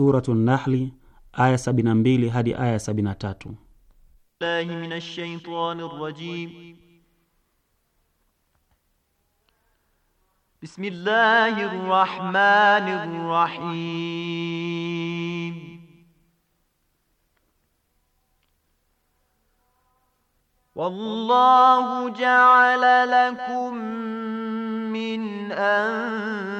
Suratu Nahli aya 72 hadi aya 73. Billahi minash shaitani rrajim. Bismillahir rahmanir rahim. والله جعل لكم من أنفسكم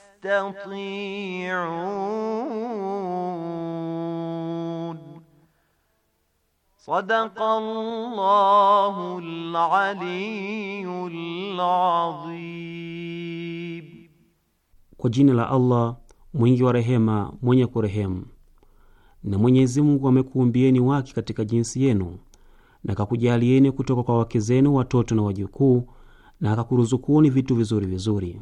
yastati'un. Sadaqallahul aliyyul adhim. Kwa jina la Allah mwingi wa rehema, mwenye kurehemu. Na Mwenyezi Mungu amekuumbieni wake katika jinsi yenu na akakujalieni kutoka kwa wake zenu watoto na wajukuu na akakuruzukuni vitu vizuri vizuri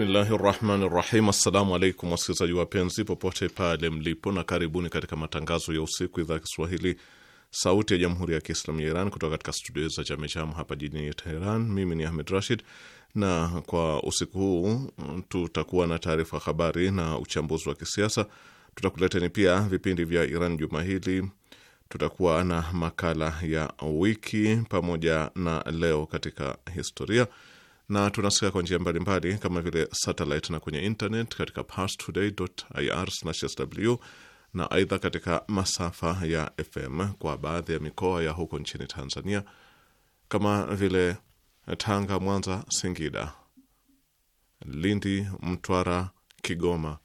Bismillahi rahmani rahim. Assalamu alaikum wasikilizaji wapenzi popote pale mlipo, na karibuni katika matangazo ya usiku, idhaa ya Kiswahili sauti ya jamhuri ya Kiislamu ya Iran kutoka katika studio za Jamejam hapa jijini Teheran. Mimi ni Ahmed Rashid, na kwa usiku huu tutakuwa na taarifa habari na uchambuzi wa kisiasa. Tutakuleteni pia vipindi vya Iran juma hili, tutakuwa na makala ya wiki pamoja na leo katika historia na tunasikia kwa njia mbalimbali kama vile satellite na kwenye internet katika parstoday.ir/sw na aidha katika masafa ya FM kwa baadhi ya mikoa ya huko nchini Tanzania kama vile Tanga, Mwanza, Singida, Lindi, Mtwara, Kigoma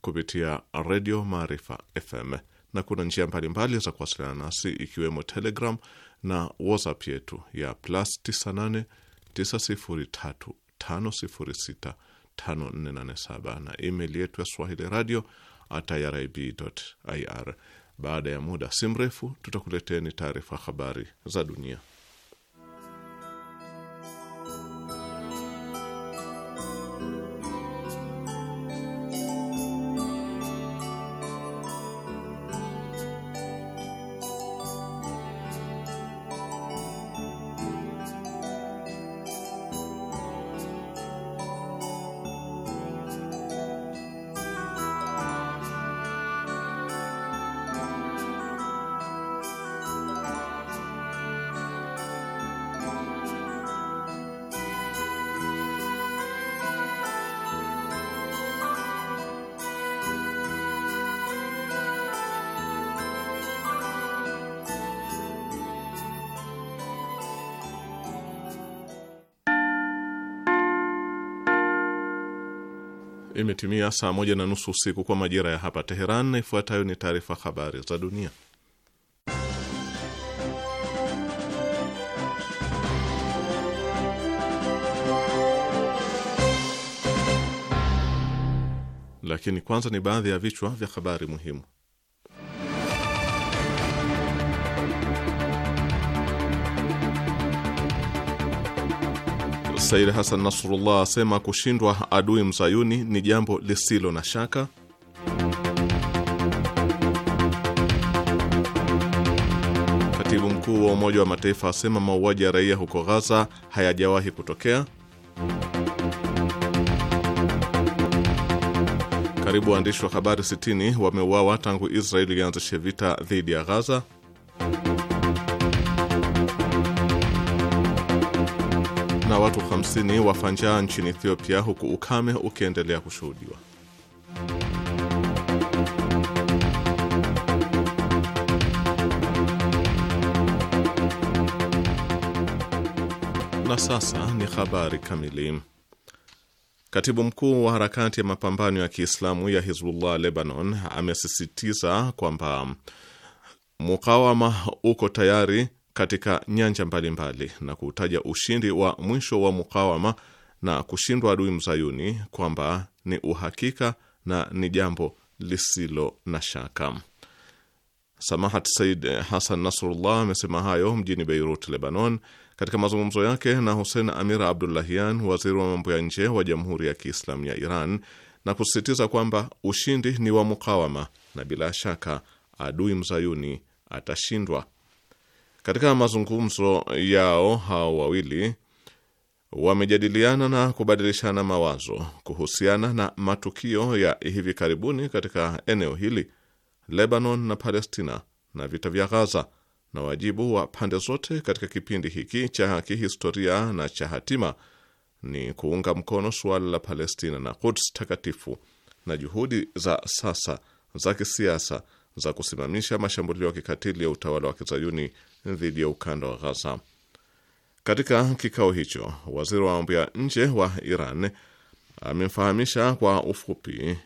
kupitia Redio Maarifa FM, na kuna njia mbalimbali za kuwasiliana nasi ikiwemo Telegram na WhatsApp yetu ya plus 98 903565487 na email yetu ya swahili radio at irib.ir. Baada ya muda si mrefu tutakuleteni taarifa habari za dunia. imetimia saa moja na nusu usiku kwa majira ya hapa Teheran, na ifuatayo ni taarifa habari za dunia. Lakini kwanza ni baadhi ya vichwa vya habari muhimu. Said Hasan Nasrullah asema kushindwa adui mzayuni ni jambo lisilo na shaka. Katibu mkuu wa Umoja wa Mataifa asema mauaji ya raia huko Ghaza hayajawahi kutokea. Karibu waandishi wa habari 60 wameuawa tangu Israeli ianzishe vita dhidi ya Ghaza. na watu 50 wafa njaa nchini Ethiopia huku ukame ukiendelea kushuhudiwa. Na sasa ni habari kamili. Katibu mkuu wa harakati ya mapambano ya Kiislamu ya Hizbullah Lebanon amesisitiza kwamba mukawama uko tayari katika nyanja mbalimbali mbali, na kutaja ushindi wa mwisho wa mukawama na kushindwa adui mzayuni kwamba ni uhakika na ni jambo lisilo na shaka. Samahat Said Hasan Nasrullah amesema hayo mjini Beirut, Lebanon, katika mazungumzo yake na Hussein Amir Abdullahian, waziri wa mambo ya nje wa Jamhuri ya Kiislamu ya Iran, na kusisitiza kwamba ushindi ni wa mukawama na bila shaka adui mzayuni atashindwa. Katika mazungumzo yao hao wawili wamejadiliana na kubadilishana mawazo kuhusiana na matukio ya hivi karibuni katika eneo hili, Lebanon na Palestina, na vita vya Gaza na wajibu wa pande zote katika kipindi hiki cha kihistoria na cha hatima ni kuunga mkono suala la Palestina na Quds takatifu na juhudi za sasa za kisiasa za kusimamisha mashambulio ya kikatili ya utawala wa kizayuni dhidi ya ukanda wa Ghaza. Katika kikao hicho, waziri wa mambo ya nje wa Iran amemfahamisha kwa ufupi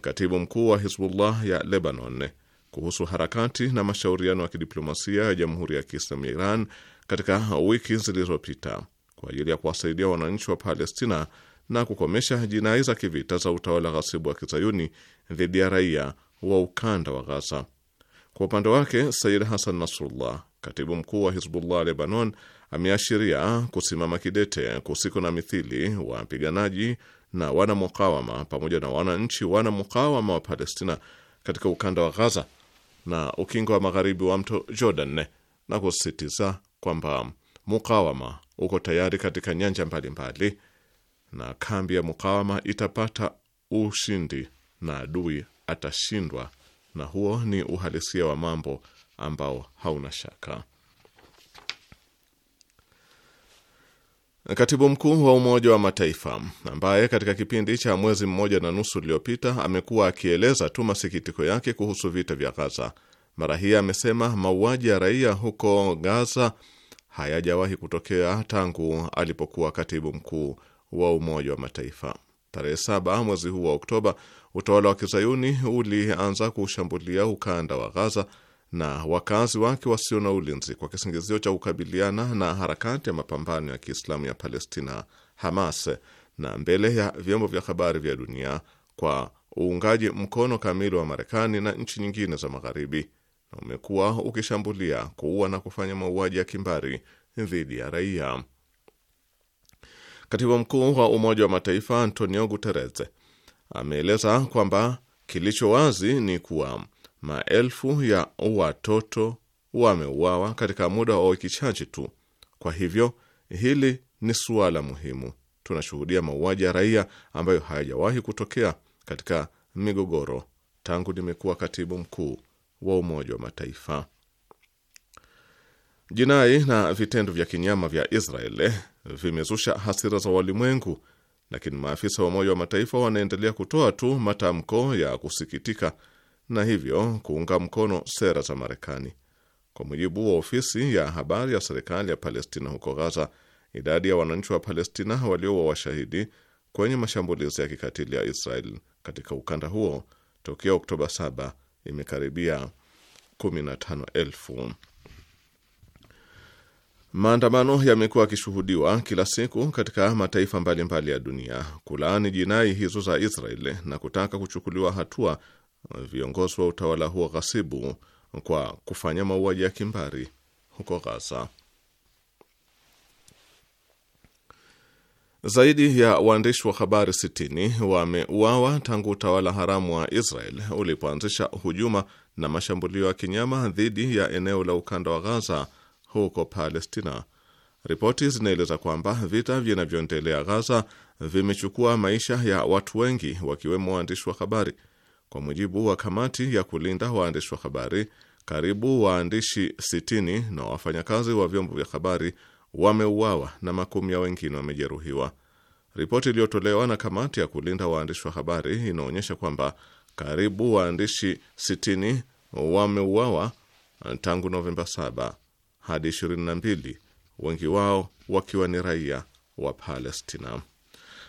katibu mkuu wa Hizbullah ya Lebanon kuhusu harakati na mashauriano ya kidiplomasia ya Jamhuri ya Kiislamu ya Iran katika wiki zilizopita kwa ajili ya kuwasaidia wananchi wa Palestina na kukomesha jinai za kivita za utawala ghasibu wa kizayuni dhidi ya raia wa ukanda wa Ghaza. Kwa upande wake, Sayid hasan Nasrullah Katibu mkuu wa Hizbullah Lebanon ameashiria kusimama kidete kusiko na mithili wa wapiganaji na wanamukawama pamoja na wananchi wanamukawama wa Palestina katika ukanda wa Ghaza na ukingo wa magharibi wa mto Jordan na kusisitiza kwamba mukawama uko tayari katika nyanja mbalimbali mbali, na kambi ya mukawama itapata ushindi na adui atashindwa, na huo ni uhalisia wa mambo ambao hauna shaka. Katibu mkuu wa Umoja wa Mataifa ambaye katika kipindi cha mwezi mmoja na nusu uliopita amekuwa akieleza tu masikitiko yake kuhusu vita vya Gaza, mara hii amesema mauaji ya raia huko Gaza hayajawahi kutokea tangu alipokuwa katibu mkuu wa Umoja wa Mataifa. Tarehe saba mwezi huu wa Oktoba, utawala wa kizayuni ulianza kushambulia ukanda wa Gaza na wakazi wake wasio na ulinzi kwa kisingizio cha kukabiliana na harakati ya mapambano ya Kiislamu ya Palestina Hamas, na mbele ya vyombo vya habari vya dunia kwa uungaji mkono kamili wa Marekani na nchi nyingine za Magharibi, na umekuwa ukishambulia, kuua na kufanya mauaji ya kimbari dhidi ya raia. Katibu mkuu wa Umoja wa Mataifa Antonio Guterres ameeleza kwamba kilicho wazi ni kuwa maelfu ya watoto wameuawa katika muda wa wiki chache tu. Kwa hivyo hili ni suala muhimu. Tunashuhudia mauaji ya raia ambayo hayajawahi kutokea katika migogoro tangu nimekuwa katibu mkuu wa Umoja wa Mataifa. Jinai na vitendo vya kinyama vya Israel vimezusha hasira za walimwengu, lakini maafisa wa Umoja wa Mataifa wanaendelea kutoa tu matamko ya kusikitika na hivyo kuunga mkono sera za Marekani. Kwa mujibu wa ofisi ya habari ya serikali ya Palestina huko Gaza, idadi ya wananchi wa Palestina waliowa washahidi kwenye mashambulizi ya kikatili ya Israel katika ukanda huo tokea Oktoba 7 imekaribia 15,000. Maandamano yamekuwa yakishuhudiwa kila siku katika mataifa mbalimbali mbali ya dunia kulaani jinai hizo za Israel na kutaka kuchukuliwa hatua viongozi wa utawala huo ghasibu kwa kufanya mauaji ya kimbari huko Gaza. Zaidi ya waandishi wa habari 60 wameuawa tangu utawala haramu wa Israel ulipoanzisha hujuma na mashambulio ya kinyama dhidi ya eneo la ukanda wa Gaza huko Palestina. Ripoti zinaeleza kwamba vita vinavyoendelea Gaza vimechukua maisha ya watu wengi, wakiwemo waandishi wa habari. Kwa mujibu wa kamati ya kulinda waandishi wa habari, karibu waandishi 60 na wafanyakazi wa vyombo vya habari wameuawa na makumi ya wengine wamejeruhiwa. Ripoti iliyotolewa na kamati ya kulinda waandishi wa habari inaonyesha kwamba karibu waandishi 60 wameuawa tangu Novemba 7 hadi 22, wengi wao wakiwa ni raia wa Palestina.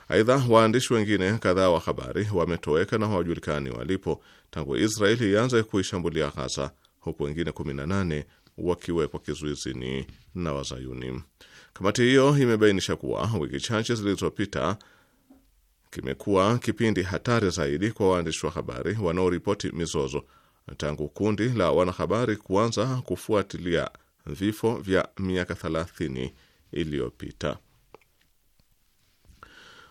Aidha, waandishi wengine kadhaa wa habari wametoweka na hawajulikani walipo tangu Israeli ianze kuishambulia Ghaza, huku wengine 18 wakiwekwa kizuizini na Wazayuni. Kamati hiyo imebainisha kuwa wiki chache zilizopita kimekuwa kipindi hatari zaidi kwa waandishi wa habari wanaoripoti mizozo tangu kundi la wanahabari kuanza kufuatilia vifo vya miaka 30 iliyopita.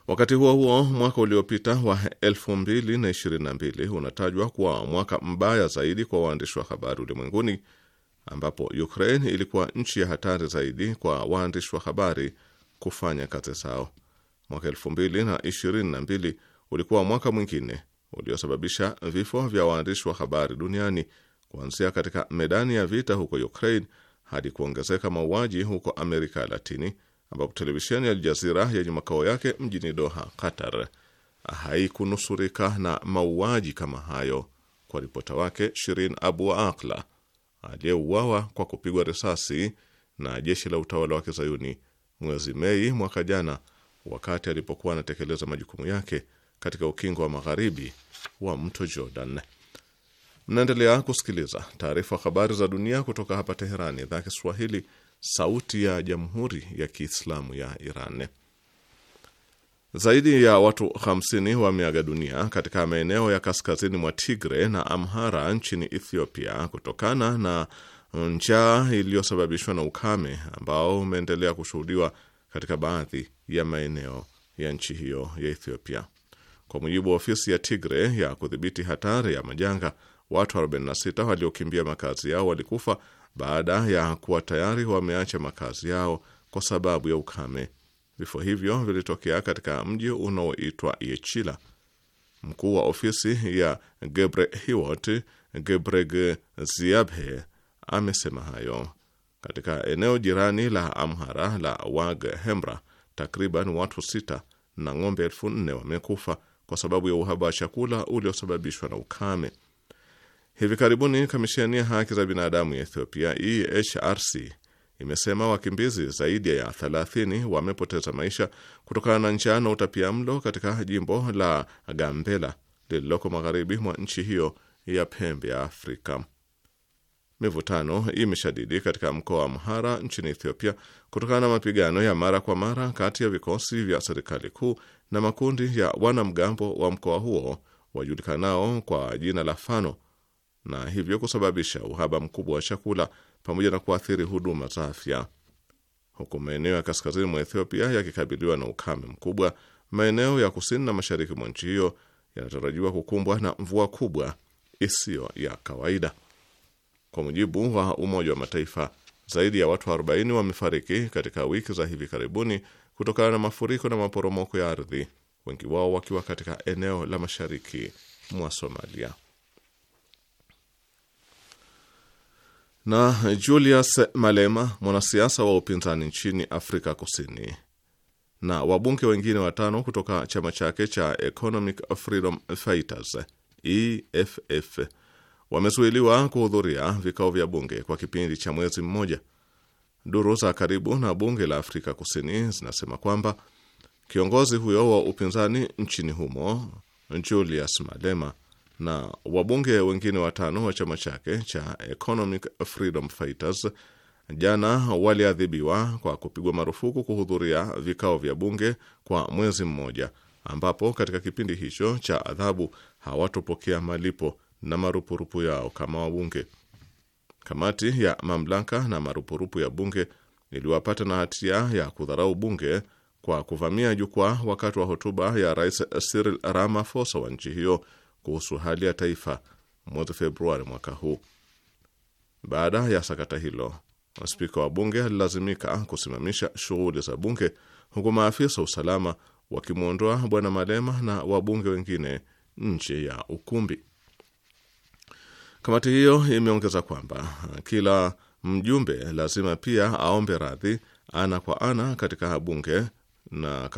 Wakati huo huo, mwaka uliopita wa 2022 unatajwa kuwa mwaka mbaya zaidi kwa waandishi wa habari ulimwenguni, ambapo Ukraine ilikuwa nchi ya hatari zaidi kwa waandishi wa habari kufanya kazi zao. Mwaka 2022 ulikuwa mwaka mwingine uliosababisha vifo vya waandishi wa habari duniani, kuanzia katika medani ya vita huko Ukraine hadi kuongezeka mauaji huko Amerika ya Latini ambapo televisheni ya Aljazira yenye makao yake mjini Doha, Qatar, haikunusurika na mauaji kama hayo kwa ripota wake Shirin Abu Akla aliyeuawa kwa kupigwa risasi na jeshi la utawala wa kizayuni mwezi Mei mwaka jana wakati alipokuwa anatekeleza majukumu yake katika ukingo wa magharibi wa mto Jordan. Mnaendelea kusikiliza taarifa habari za dunia kutoka hapa Teherani, idhaa Kiswahili, Sauti ya Jamhuri ya Kiislamu ya Iran. Zaidi ya watu 50 wameaga dunia katika maeneo ya kaskazini mwa Tigre na Amhara nchini Ethiopia kutokana na njaa iliyosababishwa na ukame ambao umeendelea kushuhudiwa katika baadhi ya maeneo ya nchi hiyo ya Ethiopia. Kwa mujibu wa ofisi ya Tigre ya kudhibiti hatari ya majanga, watu 46 waliokimbia makazi yao walikufa baada ya kuwa tayari wameacha makazi yao kwa sababu ya ukame. Vifo hivyo vilitokea katika mji unaoitwa Yechila. Mkuu wa ofisi ya gebre Hiwot Gebreg Ziabhe amesema hayo. Katika eneo jirani la Amhara la Wag Hemra, takriban watu sita na ng'ombe elfu nne wamekufa kwa sababu ya uhaba wa chakula uliosababishwa na ukame. Hivi karibuni kamisheni ya haki za binadamu ya Ethiopia EHRC imesema wakimbizi zaidi ya 30 wamepoteza maisha kutokana na njaa na mlo katika jimbo la Gambela lililoko magharibi mwa nchi hiyo ya pembe ya Afrika. Mivutano imeshadidi katika mkoa wa Amhara nchini Ethiopia kutokana na mapigano ya mara kwa mara kati ya vikosi vya serikali kuu na makundi ya wanamgambo wa mkoa huo wajulikanao kwa jina la Fano na hivyo kusababisha uhaba mkubwa wa chakula pamoja na kuathiri huduma za afya. Huku maeneo ya kaskazini mwa Ethiopia yakikabiliwa na ukame mkubwa, maeneo ya kusini na mashariki mwa nchi hiyo yanatarajiwa kukumbwa na mvua kubwa isiyo ya kawaida. Kwa mujibu wa Umoja wa Mataifa, zaidi ya watu 40 wamefariki katika wiki za hivi karibuni kutokana na mafuriko na maporomoko ya ardhi, wengi wao wakiwa katika eneo la mashariki mwa Somalia. na Julius Malema, mwanasiasa wa upinzani nchini Afrika Kusini, na wabunge wengine watano kutoka chama chake cha Economic Freedom Fighters EFF wamezuiliwa kuhudhuria vikao vya bunge kwa kipindi cha mwezi mmoja. Duru za karibu na bunge la Afrika Kusini zinasema kwamba kiongozi huyo wa upinzani nchini humo Julius Malema na wabunge wengine watano wa chama chake cha Economic Freedom Fighters jana waliadhibiwa kwa kupigwa marufuku kuhudhuria vikao vya bunge kwa mwezi mmoja, ambapo katika kipindi hicho cha adhabu hawatopokea malipo na marupurupu yao kama wabunge. Kamati ya mamlaka na marupurupu ya bunge iliwapata na hatia ya kudharau bunge kwa kuvamia jukwaa wakati wa hotuba ya Rais Cyril Ramaphosa wa nchi hiyo kuhusu hali ya taifa mwezi Februari mwaka huu. Baada ya sakata hilo, spika wa bunge alilazimika kusimamisha shughuli za bunge, huku maafisa wa usalama wakimwondoa bwana Malema na wabunge wengine nje ya ukumbi. Kamati hiyo imeongeza kwamba kila mjumbe lazima pia aombe radhi ana kwa ana katika bunge na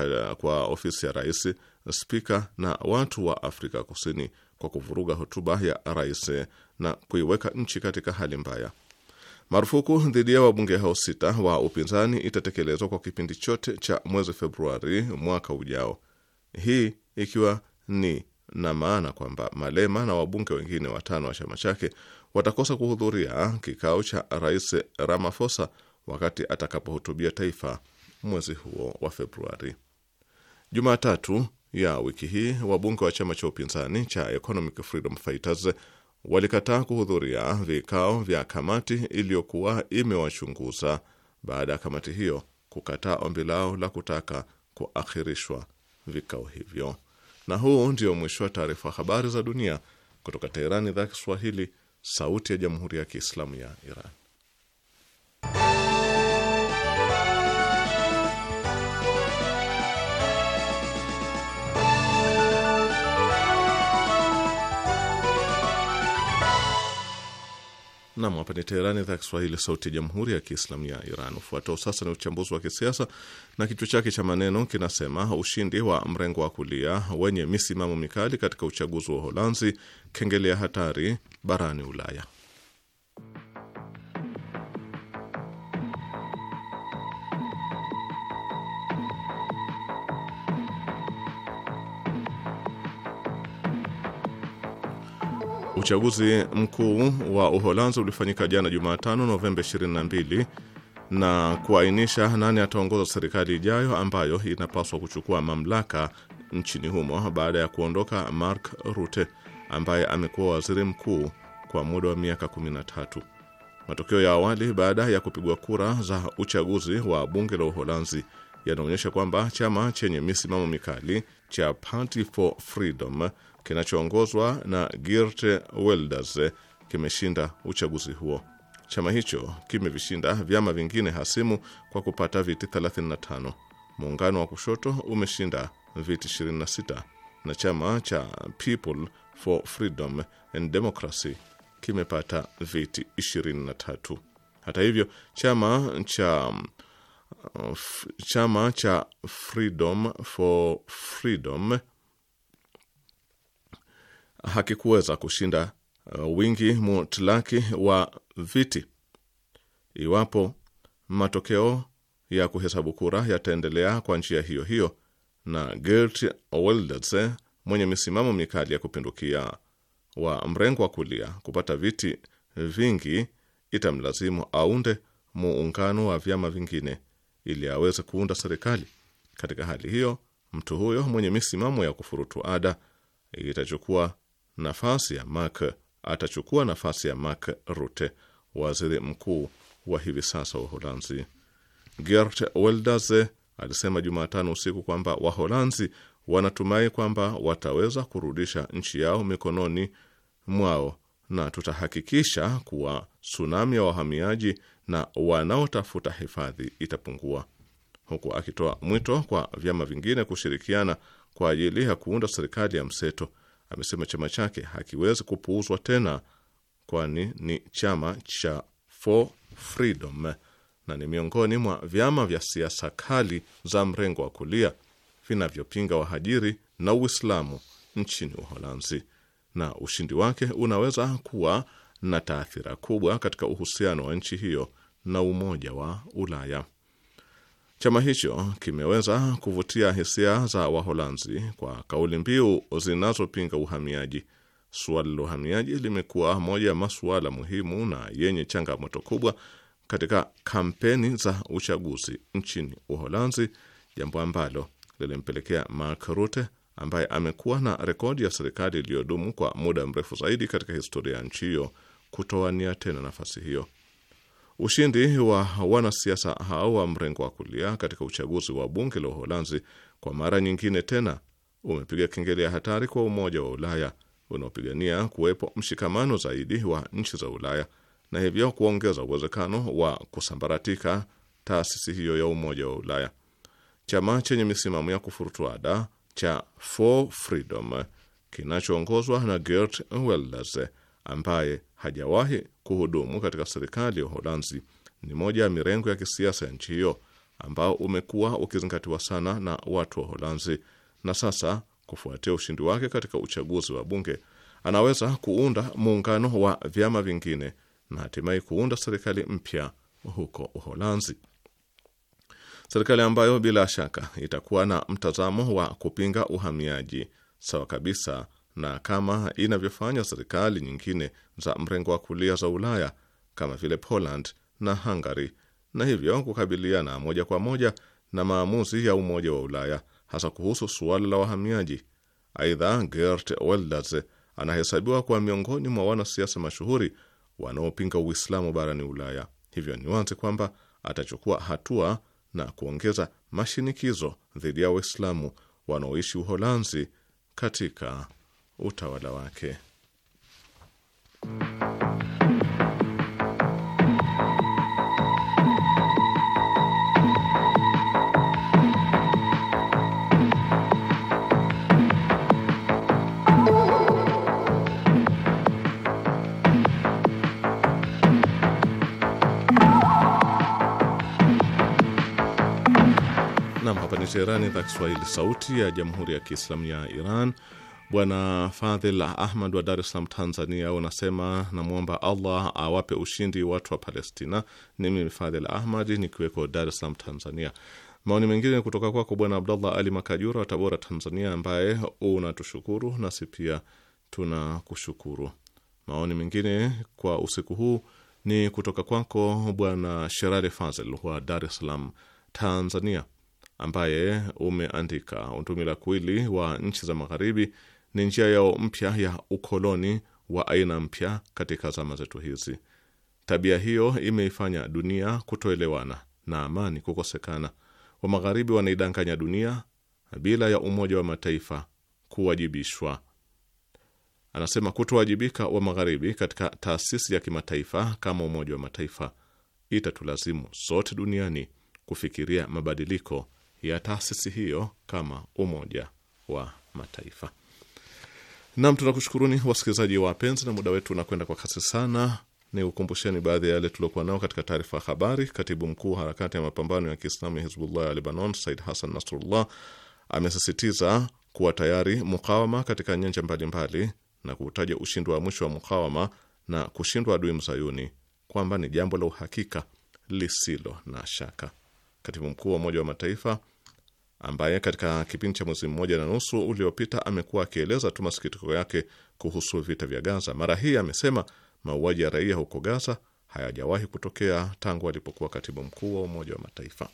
kwa ofisi ya rais spika na watu wa Afrika Kusini kwa kuvuruga hotuba ya rais na kuiweka nchi katika hali mbaya. Marufuku dhidi ya wabunge hao sita wa upinzani itatekelezwa kwa kipindi chote cha mwezi Februari mwaka ujao, hii ikiwa ni na maana kwamba Malema na wabunge wengine watano wa chama chake watakosa kuhudhuria kikao cha rais Ramaphosa wakati atakapohutubia taifa mwezi huo wa Februari. Jumatatu ya wiki hii wabunge wa chama cha upinzani cha Economic Freedom Fighters walikataa kuhudhuria vikao vya kamati iliyokuwa imewachunguza baada ya kamati hiyo kukataa ombi lao la kutaka kuakhirishwa vikao hivyo. Na huu ndio mwisho wa taarifa habari za dunia kutoka Teherani, idhaa Kiswahili, sauti ya jamhuri ya kiislamu ya Iran. Nam, hapa ni Teherani, idhaa ya Kiswahili, sauti ya jamhuri ya kiislamu ya Iran. Ufuatao sasa ni uchambuzi wa kisiasa na kichwa chake cha maneno kinasema: ushindi wa mrengo wa kulia wenye misimamo mikali katika uchaguzi wa Uholanzi, kengele ya hatari barani Ulaya. Uchaguzi mkuu wa Uholanzi ulifanyika jana Jumatano Novemba 22 na kuainisha nani ataongoza serikali ijayo ambayo inapaswa kuchukua mamlaka nchini humo baada ya kuondoka Mark Rutte ambaye amekuwa waziri mkuu kwa muda wa miaka 13. Matokeo ya awali baada ya kupigwa kura za uchaguzi wa bunge la Uholanzi yanaonyesha kwamba chama chenye misimamo mikali cha Party for Freedom kinachoongozwa na Geert Wilders eh, kimeshinda uchaguzi huo. Chama hicho kimevishinda vyama vingine hasimu kwa kupata viti 35. Muungano wa kushoto umeshinda viti 26 na chama cha People for Freedom and Democracy kimepata viti 23. Hata hivyo, chama cha uh, chama cha Freedom for Freedom hakikuweza kushinda uh, wingi mutlaki wa viti. Iwapo matokeo ya kuhesabu kura yataendelea kwa njia hiyo hiyo, na Geert Wilders eh, mwenye misimamo mikali ya kupindukia wa mrengo wa kulia kupata viti vingi, itamlazimu aunde muungano wa vyama vingine ili aweze kuunda serikali. Katika hali hiyo, mtu huyo mwenye misimamo ya kufurutu ada itachukua nafasi ya Mark atachukua nafasi ya Mark Rutte, waziri mkuu wa hivi sasa wa Uholanzi. Geert Wilders alisema Jumatano usiku kwamba Waholanzi wanatumai kwamba wataweza kurudisha nchi yao mikononi mwao na tutahakikisha kuwa tsunami ya wahamiaji na wanaotafuta hifadhi itapungua, huku akitoa mwito kwa vyama vingine kushirikiana kwa ajili ya kuunda serikali ya mseto amesema chama chake hakiwezi kupuuzwa tena, kwani ni chama cha For Freedom na ni miongoni mwa vyama vya siasa kali za mrengo wa kulia vinavyopinga wahajiri na Uislamu nchini Uholanzi, na ushindi wake unaweza kuwa na taathira kubwa katika uhusiano wa nchi hiyo na Umoja wa Ulaya. Chama hicho kimeweza kuvutia hisia za Waholanzi kwa kauli mbiu zinazopinga uhamiaji. Suala la uhamiaji limekuwa moja ya masuala muhimu na yenye changamoto kubwa katika kampeni za uchaguzi nchini Uholanzi, jambo ambalo lilimpelekea Mark Rutte ambaye amekuwa na rekodi ya serikali iliyodumu kwa muda mrefu zaidi katika historia ya nchi hiyo kutoania tena nafasi hiyo. Ushindi wa wanasiasa hao wa mrengo wa kulia katika uchaguzi wa bunge la Uholanzi kwa mara nyingine tena umepiga kengele ya hatari kwa Umoja wa Ulaya unaopigania kuwepo mshikamano zaidi wa nchi za Ulaya na hivyo kuongeza uwezekano wa kusambaratika taasisi hiyo ya Umoja wa Ulaya. Chama chenye misimamo ya kufurutuada cha For Freedom kinachoongozwa na Geert Wilders ambaye hajawahi kuhudumu katika serikali ya Uholanzi ni moja ya mirengo ya kisiasa ya nchi hiyo ambao umekuwa ukizingatiwa sana na watu wa Uholanzi, na sasa kufuatia ushindi wake katika uchaguzi wa bunge anaweza kuunda muungano wa vyama vingine na hatimaye kuunda serikali mpya huko Uholanzi, serikali ambayo bila shaka itakuwa na mtazamo wa kupinga uhamiaji sawa kabisa na kama inavyofanya serikali nyingine za mrengo wa kulia za Ulaya kama vile Poland na Hungary, na hivyo kukabiliana moja kwa moja na maamuzi ya Umoja wa Ulaya hasa kuhusu suala la wahamiaji. Aidha, Geert Wilders anahesabiwa kuwa miongoni mwa wanasiasa mashuhuri wanaopinga Uislamu barani Ulaya. Hivyo ni wazi kwamba atachukua hatua na kuongeza mashinikizo dhidi ya Waislamu wanaoishi Uholanzi katika utawala wake. Nam, hapa ni Teherani, idhaa Kiswahili, sauti ya jamhuri ya kiislamu ya Iran. Bwana Fadhil Ahmad wa Dar es Salaam, Tanzania, unasema namwomba Allah awape ushindi watu wa Palestina. Ni mimi Fadhil Ahmad nikiweko Dar es Salaam, Tanzania. Maoni mengine kutoka kwako Bwana abdullah Ali Makajura wa Tabora, Tanzania, ambaye unatushukuru nasi pia tuna kushukuru Maoni mengine kwa usiku huu ni kutoka kwako Bwana Sherali Fazel wa Dar es Salaam, Tanzania ambaye umeandika utumila kwili wa nchi za magharibi ni njia yao mpya ya ukoloni wa aina mpya katika zama zetu hizi. Tabia hiyo imeifanya dunia kutoelewana na amani kukosekana. Wa magharibi wanaidanganya dunia bila ya Umoja wa Mataifa kuwajibishwa. Anasema kutowajibika wa magharibi katika taasisi ya kimataifa kama Umoja wa Mataifa itatulazimu sote duniani kufikiria mabadiliko ya taasisi hiyo kama Umoja wa Mataifa. Nam, tunakushukuruni wasikilizaji wapenzi, na muda wetu unakwenda kwa kasi sana. Ni kukumbusheni baadhi ya yale tuliokuwa nao katika taarifa ya habari. Katibu mkuu wa harakati ya mapambano ya Kiislamu ya Hizbullah ya Lebanon, Said Hassan Nasrullah amesisitiza kuwa tayari mukawama katika nyanja mbalimbali na kuutaja ushindi wa mwisho wa mukawama na kushindwa adui mzayuni kwamba ni jambo la uhakika lisilo na shaka. Katibu mkuu wa Umoja wa Mataifa ambaye katika kipindi cha mwezi mmoja na nusu uliopita amekuwa akieleza tu masikitiko yake kuhusu vita vya Gaza, mara hii amesema mauaji ya raia huko Gaza hayajawahi kutokea tangu alipokuwa katibu mkuu wa Umoja wa Mataifa.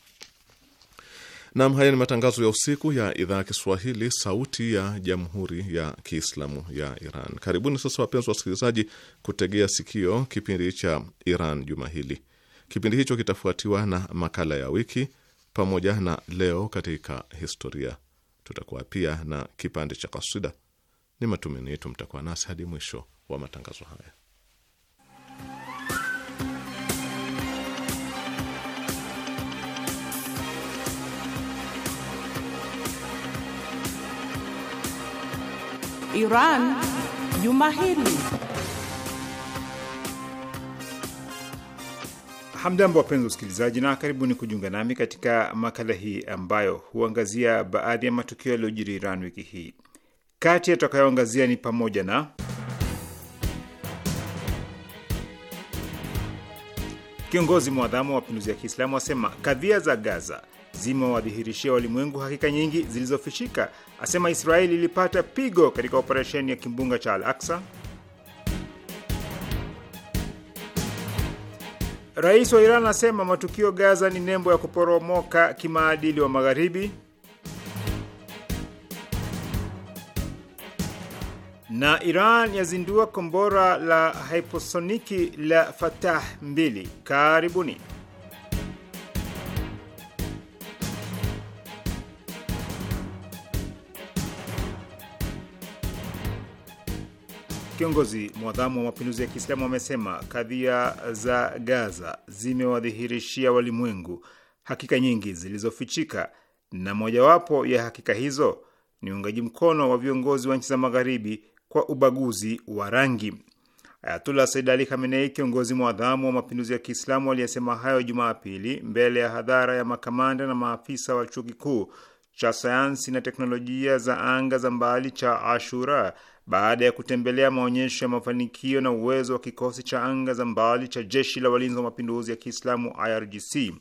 Nam, haya ni matangazo ya usiku ya idhaa ya Kiswahili, Sauti ya Jamhuri ya Kiislamu ya Iran. Karibuni sasa, wapenzi wasikilizaji, kutegea sikio kipindi cha Iran juma hili. Kipindi hicho kitafuatiwa na makala ya wiki pamoja na leo katika historia. Tutakuwa pia na kipande cha kasida. Ni matumaini yetu mtakuwa nasi hadi mwisho wa matangazo haya. Iran Juma Hili. Hamjambo, wapenzi wasikilizaji, na karibuni kujiunga nami katika makala hii ambayo huangazia baadhi ya matukio yaliyojiri Iran wiki hii. Kati ya tutakayoangazia ni pamoja na kiongozi mwadhamu wa mapinduzi ya Kiislamu asema kadhia za Gaza zimewadhihirishia walimwengu hakika nyingi zilizofishika, asema Israeli ilipata pigo katika operesheni ya kimbunga cha Al Aksa. Rais wa Iran anasema matukio Gaza ni nembo ya kuporomoka kimaadili wa Magharibi. na Iran yazindua kombora la hyposoniki la Fatah mbili. Karibuni. Kiongozi mwadhamu wa mapinduzi ya Kiislamu amesema kadhia za Gaza zimewadhihirishia walimwengu hakika nyingi zilizofichika, na mojawapo ya hakika hizo ni uungaji mkono wa viongozi wa nchi za Magharibi kwa ubaguzi wa rangi. Ayatullah Said Ali Khamenei, kiongozi mwadhamu wa mapinduzi ya Kiislamu, aliyesema hayo Jumapili mbele ya hadhara ya makamanda na maafisa wa chuo kikuu cha sayansi na teknolojia za anga za mbali cha Ashura baada ya kutembelea maonyesho ya mafanikio na uwezo wa kikosi cha anga za mbali cha jeshi la walinzi wa mapinduzi ya Kiislamu IRGC,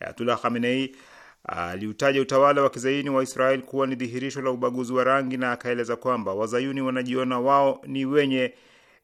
Ayatullah Khamenei aliutaja utawala wa kizaini wa Israel kuwa ni dhihirisho la ubaguzi wa rangi na akaeleza kwamba wazayuni wanajiona wao ni wenye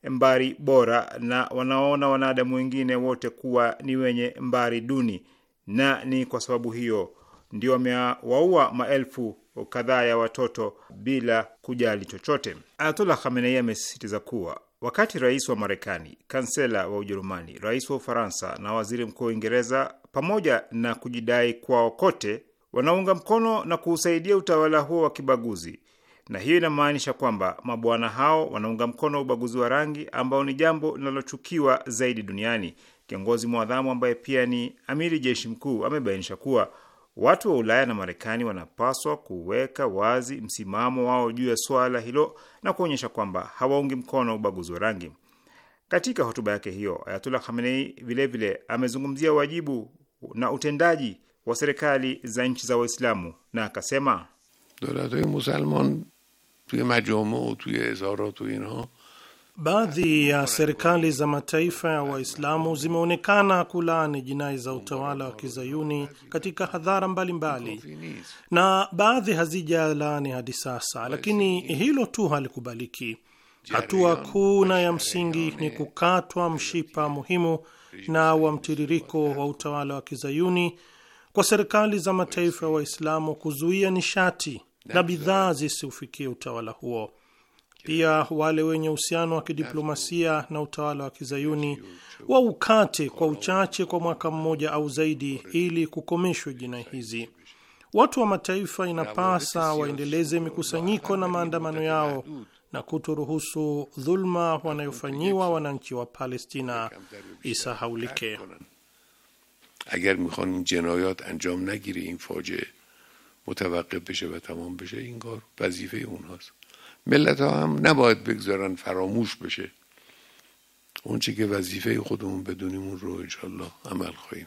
mbari bora na wanaona wanadamu wengine wote kuwa ni wenye mbari duni, na ni kwa sababu hiyo ndio wamewaua maelfu kadhaa ya watoto bila kujali chochote. Ayatollah Khamenei amesisitiza kuwa wakati rais wa Marekani, kansela wa Ujerumani, rais wa Ufaransa na waziri mkuu wa Uingereza, pamoja na kujidai kwao kote, wanaunga mkono na kuusaidia utawala huo wa kibaguzi, na hiyo inamaanisha kwamba mabwana hao wanaunga mkono ubaguzi wa rangi ambao ni jambo linalochukiwa zaidi duniani. Kiongozi mwadhamu ambaye pia ni amiri jeshi mkuu amebainisha kuwa Watu wa Ulaya na Marekani wanapaswa kuweka wazi msimamo wao juu ya suala hilo na kuonyesha kwamba hawaungi mkono ubaguzi wa rangi. Katika hotuba yake hiyo, Ayatullah Khamenei vilevile amezungumzia wajibu na utendaji wa serikali za nchi za Waislamu na akasema, musalman tuye tuye Baadhi ya serikali za mataifa ya Waislamu zimeonekana kulaani jinai za utawala wa kizayuni katika hadhara mbalimbali mbali, na baadhi hazijalaani hadi sasa, lakini hilo tu halikubaliki. Hatua kuu na ya msingi ni kukatwa mshipa muhimu na wa mtiririko wa utawala wa kizayuni kwa serikali za mataifa ya Waislamu kuzuia nishati na bidhaa zisiufikie utawala huo. Pia wale wenye uhusiano wa kidiplomasia na utawala wa kizayuni waukate kwa uchache kwa mwaka mmoja au zaidi, ili kukomeshwe jinai hizi. Watu wa mataifa inapasa waendeleze mikusanyiko na maandamano yao na kutoruhusu dhuluma wanayofanyiwa wananchi wa Palestina isahaulike. agar mikhon in jinayat anjam nagire in faje mutawaqqif beshe va tamam beshe in kar vazife unhast ملت ها هم نباید بگذارن فراموش بشه اون چی که وظیفه خودمون بدونیم اون رو انشالله عمل خواهیم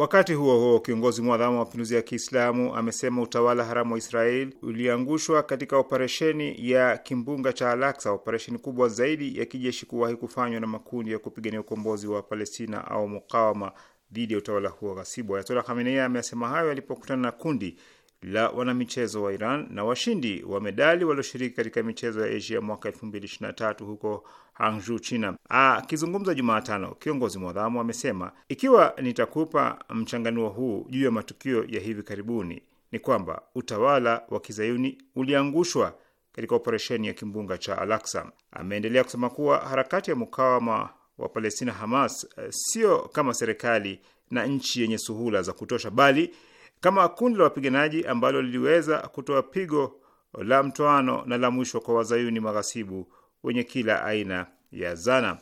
Wakati huo huo, kiongozi mwadhamu wa mapinduzi ya Kiislamu amesema utawala haramu wa Israel uliangushwa katika operesheni ya kimbunga cha Al-Aqsa, operesheni kubwa zaidi ya kijeshi kuwahi kufanywa na makundi ya kupigania ukombozi wa Palestina au mukawama dhidi ya utawala huo ghasibu. Ayatollah Khamenei amesema hayo alipokutana na kundi la wanamichezo wa Iran na washindi wa medali walioshiriki katika michezo ya Asia mwaka 2023 huko Hangzhou, China. Akizungumza Jumatano, kiongozi mwadhamu amesema, ikiwa nitakupa mchanganuo huu juu ya matukio ya hivi karibuni ni kwamba utawala wa kizayuni uliangushwa katika operesheni ya kimbunga cha Al-Aqsa. Ameendelea kusema kuwa harakati ya mukawama wa Palestina Hamas eh, sio kama serikali na nchi yenye suhula za kutosha, bali kama kundi la wapiganaji ambalo liliweza kutoa pigo la mtoano na la mwisho kwa wazayuni maghasibu wenye kila aina ya zana.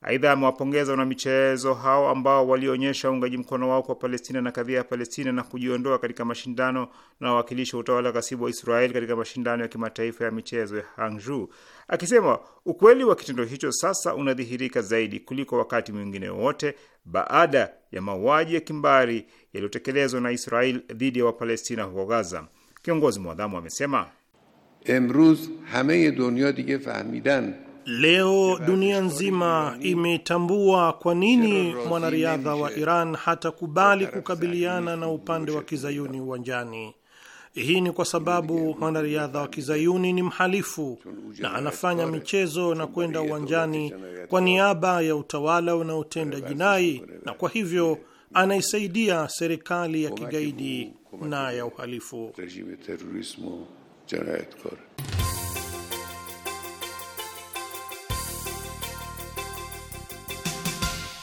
Aidha, amewapongeza wanamichezo hao ambao walionyesha uungaji mkono wao kwa Palestina na kadhia ya Palestina na kujiondoa katika mashindano na wawakilishi wa utawala kasibu wa Israeli katika mashindano ya kimataifa ya michezo ya Hangzhou, akisema ukweli wa kitendo hicho sasa unadhihirika zaidi kuliko wakati mwingine wowote baada ya mauaji ya kimbari yaliyotekelezwa na Israeli dhidi ya Wapalestina huko Gaza. Kiongozi mwadhamu amesema emruz hame dunia dige fahmidan Leo dunia nzima imetambua kwa nini mwanariadha wa Iran hatakubali kukabiliana na upande wa kizayuni uwanjani. Hii ni kwa sababu mwanariadha wa kizayuni ni mhalifu na anafanya michezo na kwenda uwanjani kwa niaba ya utawala unaotenda jinai, na kwa hivyo anaisaidia serikali ya kigaidi na ya uhalifu.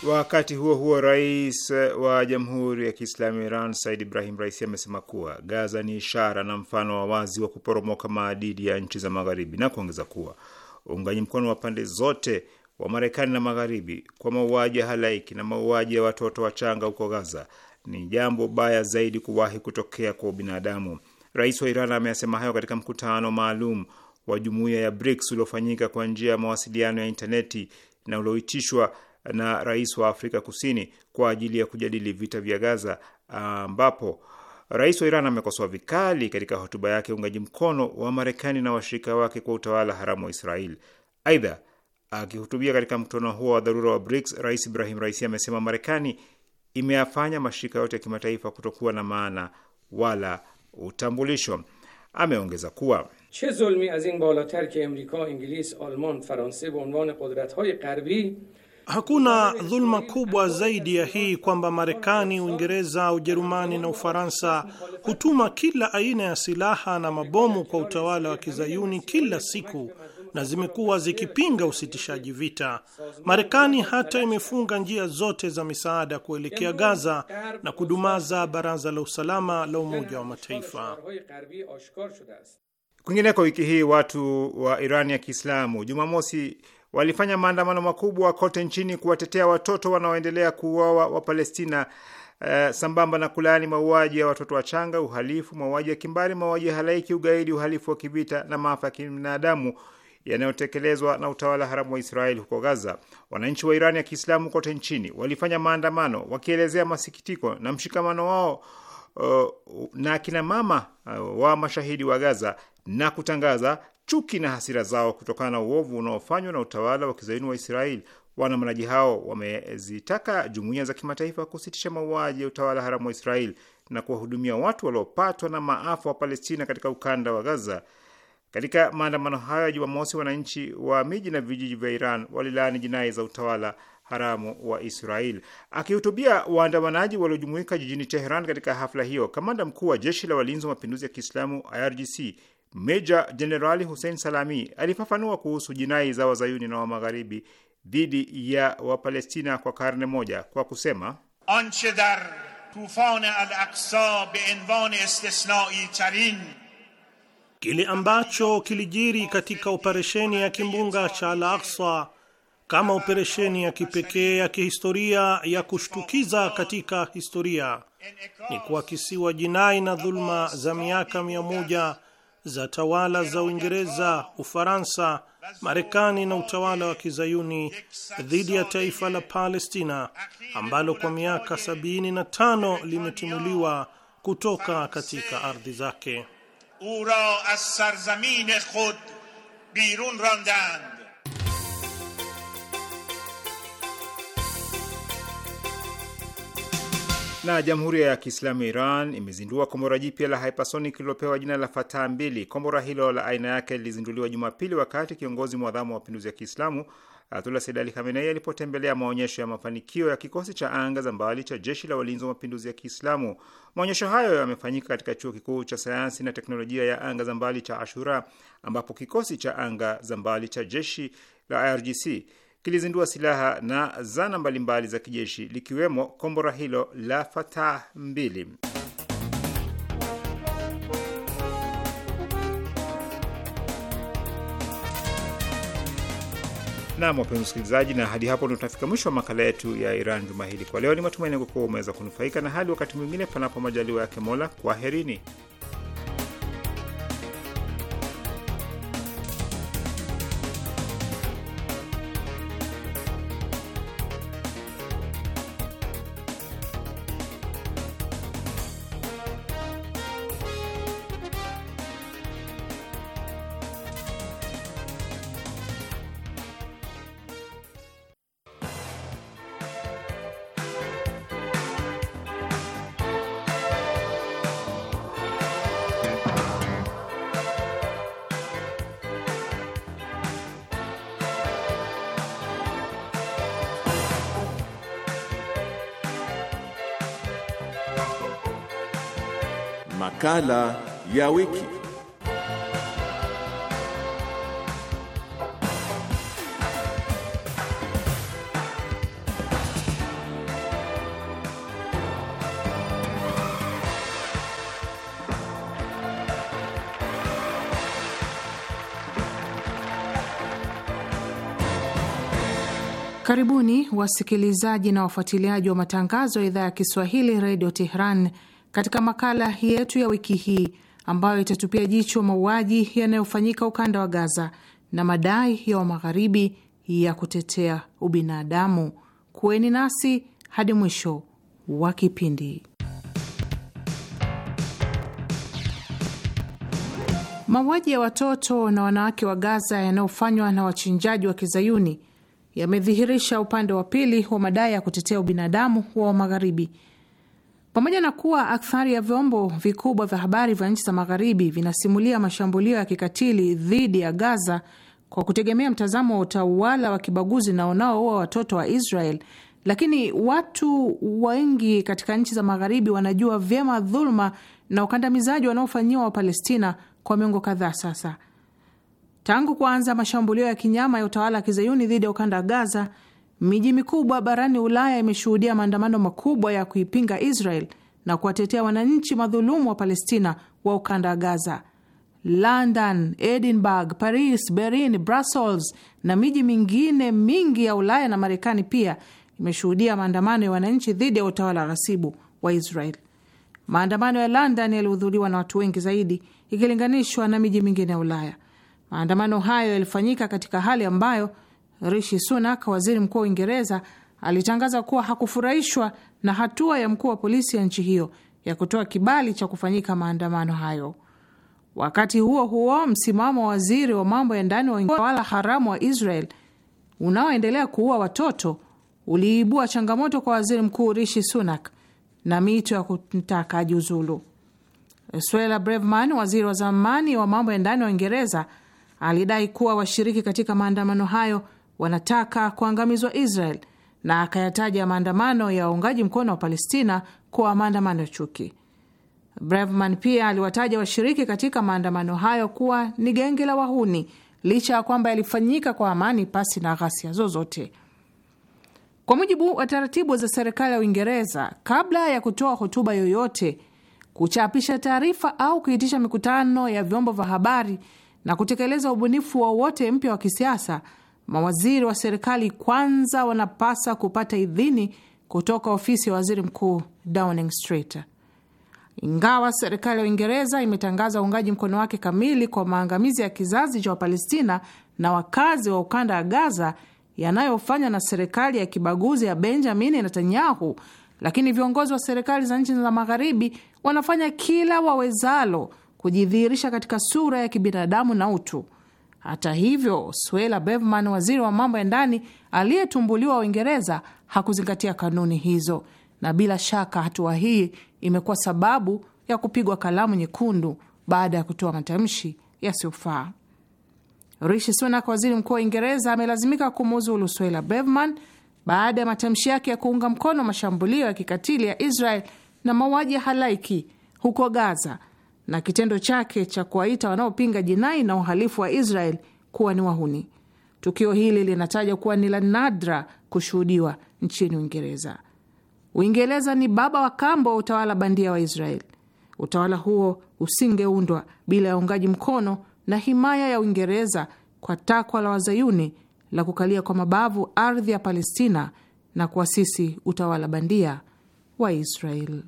Wakati huo huo, rais wa Jamhuri ya Kiislamu ya Iran Said Ibrahim Raisi amesema kuwa Gaza ni ishara na mfano wa wazi wa kuporomoka maadili ya nchi za Magharibi na kuongeza kuwa uungaji mkono wa pande zote wa Marekani na Magharibi kwa mauaji ya halaiki na mauaji ya watoto wachanga huko Gaza ni jambo baya zaidi kuwahi kutokea kwa ubinadamu. Rais wa Iran ameyasema hayo katika mkutano maalum wa jumuiya ya BRICS uliofanyika kwa njia ya mawasiliano ya intaneti na ulioitishwa na rais wa Afrika Kusini kwa ajili ya kujadili vita vya Gaza, ambapo rais wa Iran amekosoa vikali katika hotuba yake uungaji mkono wa Marekani na washirika wake kwa utawala haramu wa Israel. Aidha, akihutubia katika mkutano huo wa dharura wa BRICS, Rais Ibrahim Raisi amesema Marekani imeyafanya mashirika yote ya kimataifa kutokuwa na maana wala utambulisho. Ameongeza kuwa che zulmi az in balatar ke amrika inglis alman faranse be unvan qudrathay gharbi Hakuna dhulma kubwa zaidi ya hii kwamba Marekani, Uingereza, Ujerumani na Ufaransa hutuma kila aina ya silaha na mabomu kwa utawala wa kizayuni kila siku na zimekuwa zikipinga usitishaji vita. Marekani hata imefunga njia zote za misaada kuelekea Gaza na kudumaza Baraza la Usalama la Umoja wa Mataifa. Kwingineko, wiki hii watu wa Irani ya Kiislamu Jumamosi walifanya maandamano makubwa kote nchini kuwatetea watoto wanaoendelea kuuawa wa Palestina, uh, sambamba na kulaani mauaji ya watoto wachanga, uhalifu, mauaji ya kimbari, mauaji ya halaiki, ugaidi, uhalifu wa kivita na maafa ya kibinadamu yanayotekelezwa na utawala haramu wa Israeli huko Gaza. Wananchi wa Irani ya Kiislamu kote nchini walifanya maandamano wakielezea masikitiko na mshikamano wao uh, na akinamama uh, eh, wa mashahidi wa Gaza na kutangaza chuki na hasira zao kutokana na uovu unaofanywa na utawala wa kizaini wa Israeli. Waandamanaji hao wamezitaka jumuiya za kimataifa kusitisha mauaji ya utawala haramu wa Israeli na kuwahudumia watu waliopatwa na maafa wa Palestina katika ukanda wa Gaza. Katika maandamano hayo ya Jumamosi, wananchi wa miji na vijiji vya Iran walilaani jinai za utawala haramu wa Israel. Akihutubia waandamanaji waliojumuika jijini Teheran katika hafla hiyo, kamanda mkuu wa jeshi la walinzi wa mapinduzi ya Kiislamu IRGC Meja Jenerali Hussein Salami alifafanua kuhusu jinai za wazayuni na wa magharibi dhidi ya Wapalestina kwa karne moja kwa kusema anche dar tufan al-Aqsa be istisnai tarin Kile ambacho kilijiri katika operesheni ya kimbunga cha Al-Aqsa kama operesheni ya kipekee ya kihistoria ya kushtukiza katika historia ni kuakisiwa jinai na dhuluma za miaka mia moja za tawala za Uingereza, Ufaransa, Marekani na utawala wa kizayuni dhidi ya taifa la Palestina ambalo kwa miaka 75 limetimuliwa kutoka katika ardhi zake. u ra sarzamin khud birun randand Na Jamhuri ya Kiislamu ya Iran imezindua kombora jipya la hypersonic lililopewa jina la Fataa mbili. Kombora hilo la aina yake lilizinduliwa Jumapili wakati kiongozi mwadhamu wa mapinduzi ya Kiislamu Ayatullah Sayyid Ali Khamenei alipotembelea maonyesho ya mafanikio ya kikosi cha anga za mbali cha jeshi la walinzi wa mapinduzi ya Kiislamu. Maonyesho hayo yamefanyika katika chuo kikuu cha sayansi na teknolojia ya anga za mbali cha Ashura, ambapo kikosi cha anga za mbali cha jeshi la IRGC kilizindua silaha na zana mbalimbali za kijeshi likiwemo kombora hilo la Fatah mbili. Nam, wapenzi msikilizaji, na hadi hapo ndo tunafika mwisho wa makala yetu ya Iran juma hili. Kwa leo, ni matumaini yangu kuwa umeweza kunufaika, na hali wakati mwingine, panapo majaliwa yake Mola, kwaherini. makala ya wiki. Karibuni wasikilizaji na wafuatiliaji wa matangazo ya idhaa ya Kiswahili redio Tehran katika makala yetu ya wiki hii ambayo itatupia jicho mauaji yanayofanyika ukanda wa Gaza na madai ya Wamagharibi ya kutetea ubinadamu. Kuweni nasi hadi mwisho wa kipindi. Mauaji ya watoto na wanawake wa Gaza yanayofanywa na wachinjaji wa kizayuni yamedhihirisha upande wa pili wa madai ya kutetea ubinadamu wa Wamagharibi pamoja na kuwa akthari ya vyombo vikubwa vya habari vya nchi za magharibi vinasimulia mashambulio ya kikatili dhidi ya Gaza kwa kutegemea mtazamo wa utawala wa kibaguzi na unaoua watoto wa Israel, lakini watu wengi katika nchi za magharibi wanajua vyema dhuluma na ukandamizaji wanaofanyiwa Wapalestina kwa miongo kadhaa sasa. Tangu kuanza mashambulio ya kinyama ya utawala wa kizayuni dhidi ya ukanda wa Gaza, Miji mikubwa barani Ulaya imeshuhudia maandamano makubwa ya kuipinga Israel na kuwatetea wananchi madhulumu wa Palestina wa ukanda wa Gaza. London, Edinburgh, Paris, Berlin, Brussels na miji mingine mingi ya Ulaya na Marekani pia imeshuhudia maandamano ya wananchi dhidi ya utawala ghasibu wa Israel. Maandamano ya London yalihudhuriwa na watu wengi zaidi ikilinganishwa na miji mingine ya Ulaya. Maandamano hayo yalifanyika katika hali ambayo Rishi Sunak, waziri mkuu wa Uingereza, alitangaza kuwa hakufurahishwa na hatua ya mkuu wa polisi ya nchi hiyo ya kutoa kibali cha kufanyika maandamano hayo. Wakati huo huo, msimamo wa waziri wa mambo ya ndani wa utawala haramu wa Israel unaoendelea kuua watoto uliibua changamoto kwa waziri mkuu Rishi Sunak na mito ya kumtaka ajiuzulu. Suella Braverman, waziri wa zamani wa mambo ya ndani wa Uingereza, alidai kuwa washiriki katika maandamano hayo wanataka kuangamizwa Israel na akayataja maandamano ya waungaji mkono wa Palestina kuwa maandamano ya chuki. Bravman pia aliwataja washiriki katika maandamano hayo kuwa ni genge la wahuni, licha ya kwamba yalifanyika kwa amani pasi na ghasia zozote. Kwa mujibu wa taratibu za serikali ya Uingereza, kabla ya kutoa hotuba yoyote, kuchapisha taarifa au kuitisha mikutano ya vyombo vya habari na kutekeleza ubunifu wowote mpya wa kisiasa mawaziri wa serikali kwanza wanapasa kupata idhini kutoka ofisi ya waziri mkuu Downing Street. Ingawa serikali ya Uingereza imetangaza uungaji mkono wake kamili kwa maangamizi ya kizazi cha Wapalestina na wakazi wa ukanda wa Gaza yanayofanywa na serikali ya kibaguzi ya Benjamini Netanyahu, lakini viongozi wa serikali za nchi za Magharibi wanafanya kila wawezalo kujidhihirisha katika sura ya kibinadamu na utu hata hivyo, Suella Braverman, waziri wa mambo ya ndani aliyetumbuliwa Uingereza, hakuzingatia kanuni hizo, na bila shaka hatua hii imekuwa sababu ya kupigwa kalamu nyekundu baada ya kutoa matamshi yasiyofaa. Rishi Sunak, waziri mkuu wa Uingereza, amelazimika kumuuzulu Suella Braverman baada ya matamshi yake ya kuunga mkono mashambulio ya kikatili ya Israel na mauaji ya halaiki huko Gaza na kitendo chake cha kuwaita wanaopinga jinai na uhalifu wa Israel kuwa ni wahuni. Tukio hili linataja kuwa ni la nadra kushuhudiwa nchini Uingereza. Uingereza ni baba wa kambo wa utawala bandia wa Israel. Utawala huo usingeundwa bila ya uungaji mkono na himaya ya Uingereza kwa takwa la wazayuni la kukalia kwa mabavu ardhi ya Palestina na kuasisi utawala bandia wa Israel.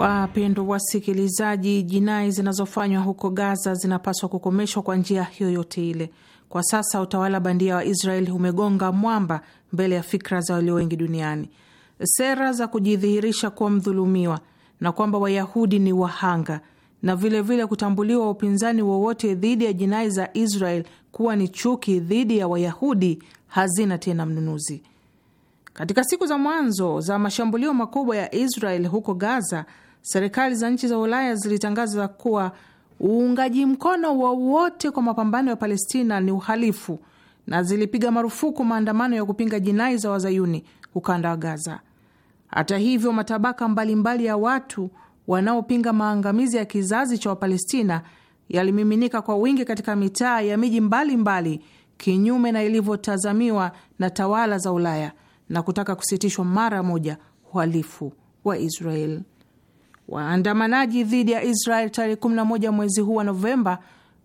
Wapendwa wasikilizaji, jinai zinazofanywa huko Gaza zinapaswa kukomeshwa kwa njia yoyote ile. Kwa sasa utawala bandia wa israel umegonga mwamba mbele ya fikra za walio wengi duniani. Sera za kujidhihirisha kuwa mdhulumiwa na kwamba Wayahudi ni wahanga na vilevile vile kutambuliwa upinzani wowote dhidi ya jinai za Israel kuwa ni chuki dhidi ya Wayahudi hazina tena mnunuzi. Katika siku za mwanzo za mashambulio makubwa ya Israel huko Gaza, serikali za nchi za Ulaya zilitangaza kuwa uungaji mkono wowote kwa mapambano ya Palestina ni uhalifu na zilipiga marufuku maandamano ya kupinga jinai za wazayuni ukanda wa Gaza. Hata hivyo, matabaka mbalimbali mbali ya watu wanaopinga maangamizi ya kizazi cha Wapalestina yalimiminika kwa wingi katika mitaa ya miji mbalimbali, kinyume na ilivyotazamiwa na tawala za Ulaya na kutaka kusitishwa mara moja uhalifu wa Israeli waandamanaji dhidi ya Israel tarehe 11 mwezi huu wa Novemba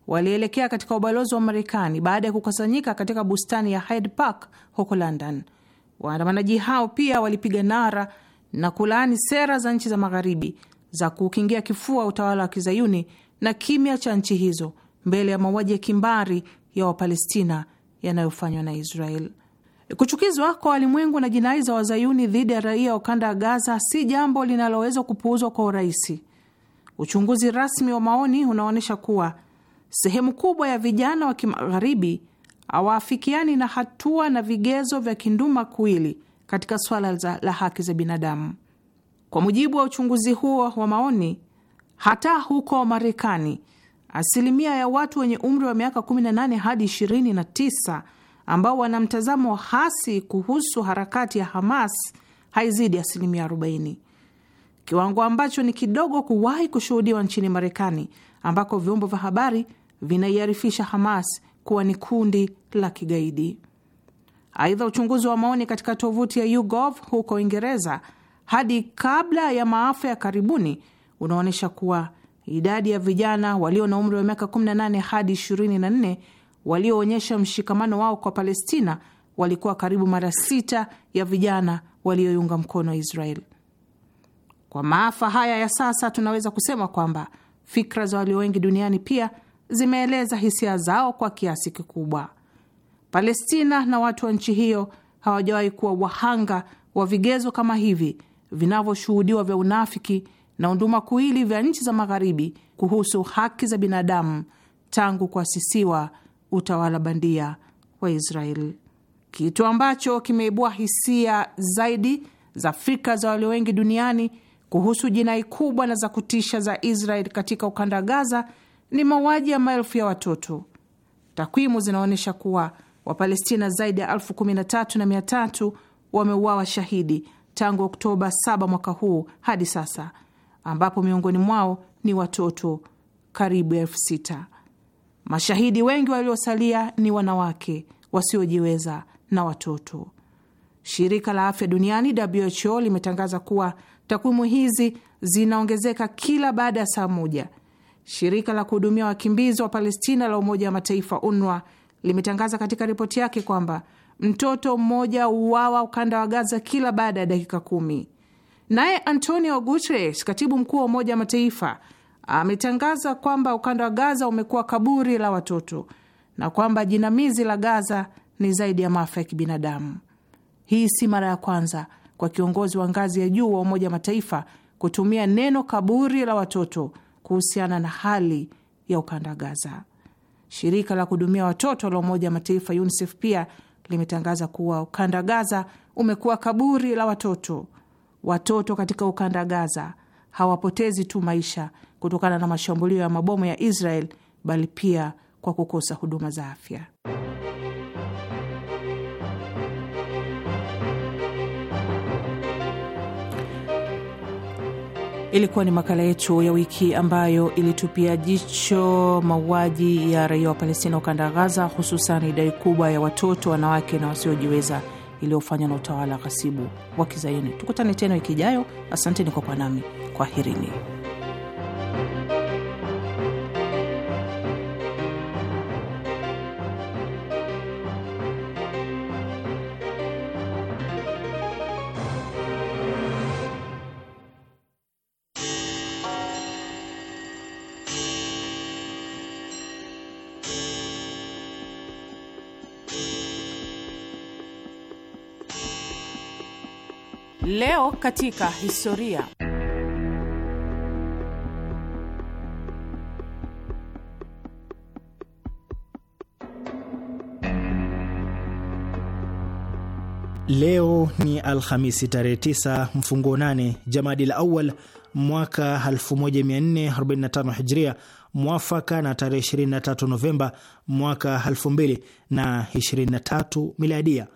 walielekea katika ubalozi wa Marekani baada ya kukusanyika katika bustani ya Hyde Park huko London. Waandamanaji hao pia walipiga nara na kulaani sera za nchi za magharibi za kukingia kifua utawala wa kizayuni na kimya cha nchi hizo mbele ya mauaji ya kimbari ya Wapalestina yanayofanywa na Israel. Kuchukizwa kwa walimwengu na jinai za wazayuni dhidi ya raia wa ukanda wa Gaza si jambo linaloweza kupuuzwa kwa urahisi. Uchunguzi rasmi wa maoni unaonyesha kuwa sehemu kubwa ya vijana wa kimagharibi hawaafikiani na hatua na vigezo vya kinduma kuili katika swala za la haki za binadamu. Kwa mujibu wa uchunguzi huo wa maoni, hata huko Marekani asilimia ya watu wenye umri wa miaka 18 hadi 29 ambao wana mtazamo hasi kuhusu harakati ya Hamas haizidi asilimia 40, kiwango ambacho ni kidogo kuwahi kushuhudiwa nchini Marekani, ambako vyombo vya habari vinaiarifisha Hamas kuwa ni kundi la kigaidi. Aidha, uchunguzi wa maoni katika tovuti ya YouGov huko Uingereza hadi kabla ya maafa ya karibuni unaonyesha kuwa idadi ya vijana walio na umri wa miaka 18 hadi 24 walioonyesha mshikamano wao kwa Palestina walikuwa karibu mara sita ya vijana walioiunga mkono Israel. Kwa maafa haya ya sasa, tunaweza kusema kwamba fikra za walio wengi duniani pia zimeeleza hisia zao kwa kiasi kikubwa. Palestina na watu wa nchi hiyo hawajawahi kuwa wahanga wa vigezo kama hivi vinavyoshuhudiwa vya unafiki na unduma kuili vya nchi za Magharibi kuhusu haki za binadamu tangu kuasisiwa utawala bandia wa Israel, kitu ambacho kimeibua hisia zaidi za fikra za walio wengi duniani kuhusu jinai kubwa na za kutisha za Israel katika ukanda wa Gaza ni mauaji ya maelfu ya watoto. Takwimu zinaonyesha kuwa Wapalestina zaidi ya elfu kumi na tatu na mia tatu wameuawa shahidi tangu Oktoba 7 mwaka huu hadi sasa, ambapo miongoni mwao ni watoto karibu elfu sita. Mashahidi wengi waliosalia ni wanawake wasiojiweza na watoto. Shirika la Afya Duniani WHO limetangaza kuwa takwimu hizi zinaongezeka kila baada ya saa moja. Shirika la kuhudumia wakimbizi wa Palestina la Umoja wa Mataifa unwa limetangaza katika ripoti yake kwamba mtoto mmoja uawa ukanda wa Gaza kila baada ya dakika kumi. Naye Antonio Guterres, katibu mkuu wa Umoja wa Mataifa, ametangaza kwamba ukanda wa Gaza umekuwa kaburi la watoto na kwamba jinamizi la Gaza ni zaidi ya maafa ya kibinadamu. Hii si mara ya kwanza kwa kiongozi wa ngazi ya juu wa Umoja Mataifa kutumia neno kaburi la watoto kuhusiana na hali ya ukanda Gaza. Shirika la kuhudumia watoto la Umoja Mataifa UNICEF pia limetangaza kuwa ukanda Gaza umekuwa kaburi la watoto. Watoto katika ukanda Gaza hawapotezi tu maisha, kutokana na mashambulio ya mabomu ya Israel, bali pia kwa kukosa huduma za afya. Ilikuwa ni makala yetu ya wiki ambayo ilitupia jicho mauaji ya raia wa Palestina ukanda Gaza, hususan idadi kubwa ya watoto, wanawake na wasiojiweza iliyofanywa na utawala ghasibu wa Kizayuni. Tukutane tena wiki ijayo. Asanteni kwa kuwa nami, kwaherini. Leo katika historia. Leo ni Alhamisi tarehe 9 mfungo 8 Jamadi la Awal mwaka 1445 Hijria, mwafaka na tarehe 23 Novemba mwaka 2023 Miladia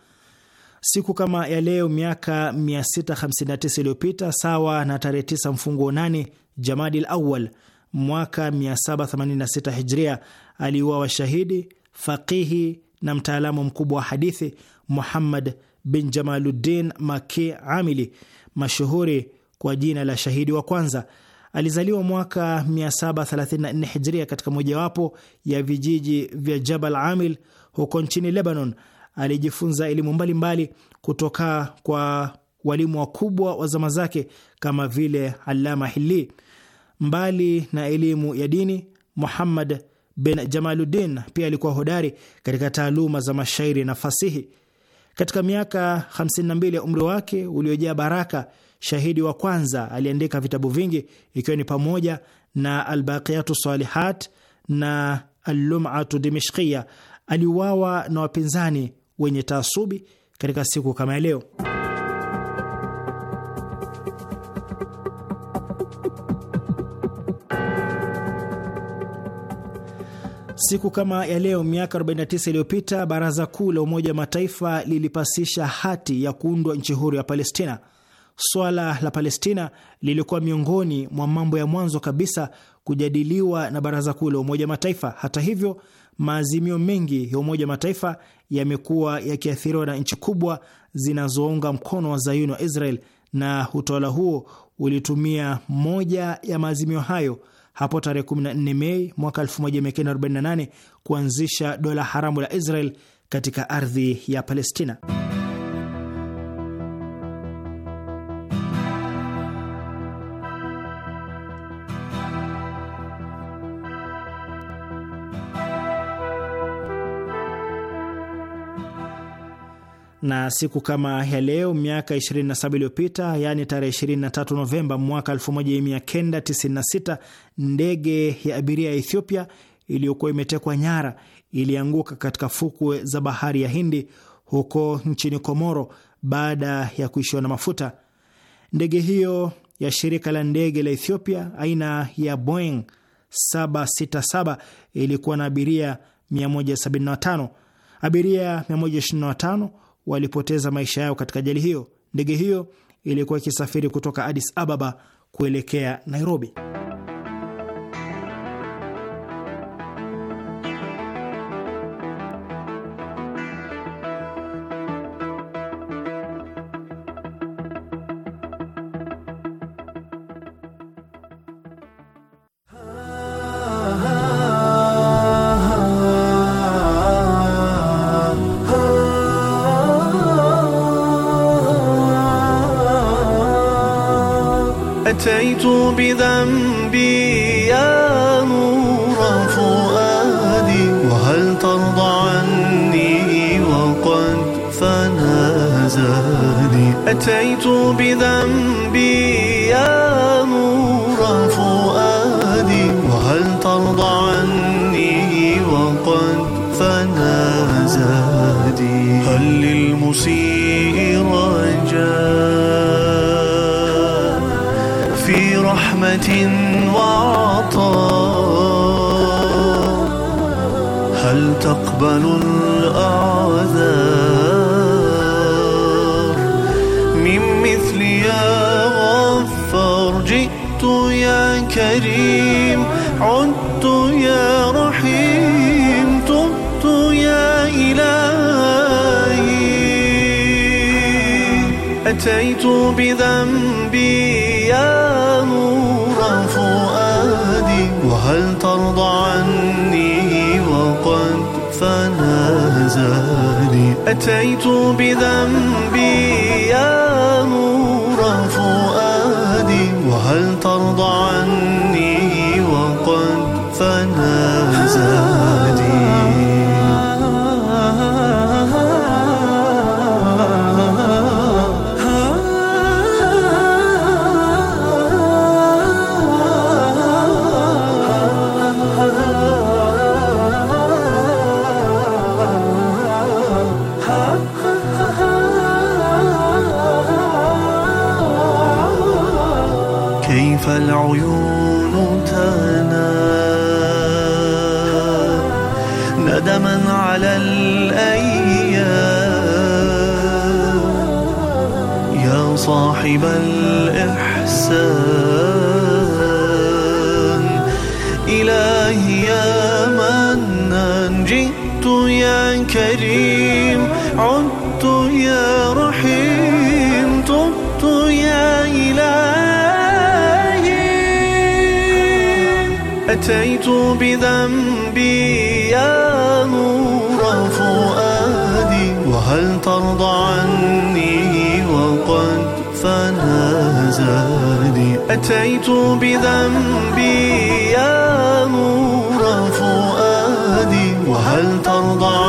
siku kama ya leo miaka 659 iliyopita, sawa na tarehe 9 mfunguo 8 Jamadil Awal mwaka 786 Hijria, aliuawa shahidi faqihi na mtaalamu mkubwa wa hadithi Muhammad bin Jamaluddin Maki Amili, mashuhuri kwa jina la Shahidi wa Kwanza. Alizaliwa mwaka 734 Hijria katika mojawapo ya vijiji vya Jabal Amil huko nchini Lebanon alijifunza elimu mbalimbali kutoka kwa walimu wakubwa wa zama zake kama vile Allama Hili. Mbali na elimu ya dini, Muhammad bin Jamaluddin pia alikuwa hodari katika taaluma za mashairi na fasihi. Katika miaka 52 ya umri wake uliojaa baraka, Shahidi wa kwanza aliandika vitabu vingi, ikiwa ni pamoja na Albaqiyatu Salihat na Allumatu Dimishkia. Aliuawa na wapinzani wenye taasubi katika siku kama ya leo. Siku kama ya leo miaka 49 iliyopita Baraza Kuu la Umoja wa Mataifa lilipasisha hati ya kuundwa nchi huru ya Palestina. Swala la Palestina lilikuwa miongoni mwa mambo ya mwanzo kabisa kujadiliwa na Baraza Kuu la Umoja wa Mataifa. Hata hivyo, maazimio mengi ya Umoja wa Mataifa yamekuwa yakiathiriwa na nchi kubwa zinazounga mkono wa zayuni wa Israel, na utawala huo ulitumia moja ya maazimio hayo hapo tarehe 14 Mei mwaka 1948 kuanzisha dola haramu la Israel katika ardhi ya Palestina. na siku kama ya leo miaka 27 iliyopita, yaani tarehe 23 Novemba mwaka 1996, ndege ya abiria ya Ethiopia iliyokuwa imetekwa nyara ilianguka katika fukwe za bahari ya Hindi huko nchini Komoro baada ya kuishiwa na mafuta. Ndege hiyo ya shirika la ndege la Ethiopia aina ya Boeing 767 ilikuwa na abiria 175. Abiria 125 walipoteza maisha yao katika ajali hiyo. Ndege hiyo ilikuwa ikisafiri kutoka Addis Ababa kuelekea Nairobi. من مثلي يا غفار جئت يا كريم عدت يا رحيم تبت يا إلهي أتيت بذنبي يا نور فؤادي وهل ترضى عني وقد فنى أتيت بذنبي يا نور فؤادي وهل ترضى عني صاحب الإحسان إلهي يا منان جئت يا كريم عدت يا رحيم تبت يا إلهي أتيت بذنب أتيت بذنبي يا نور فؤادي وهل ترضى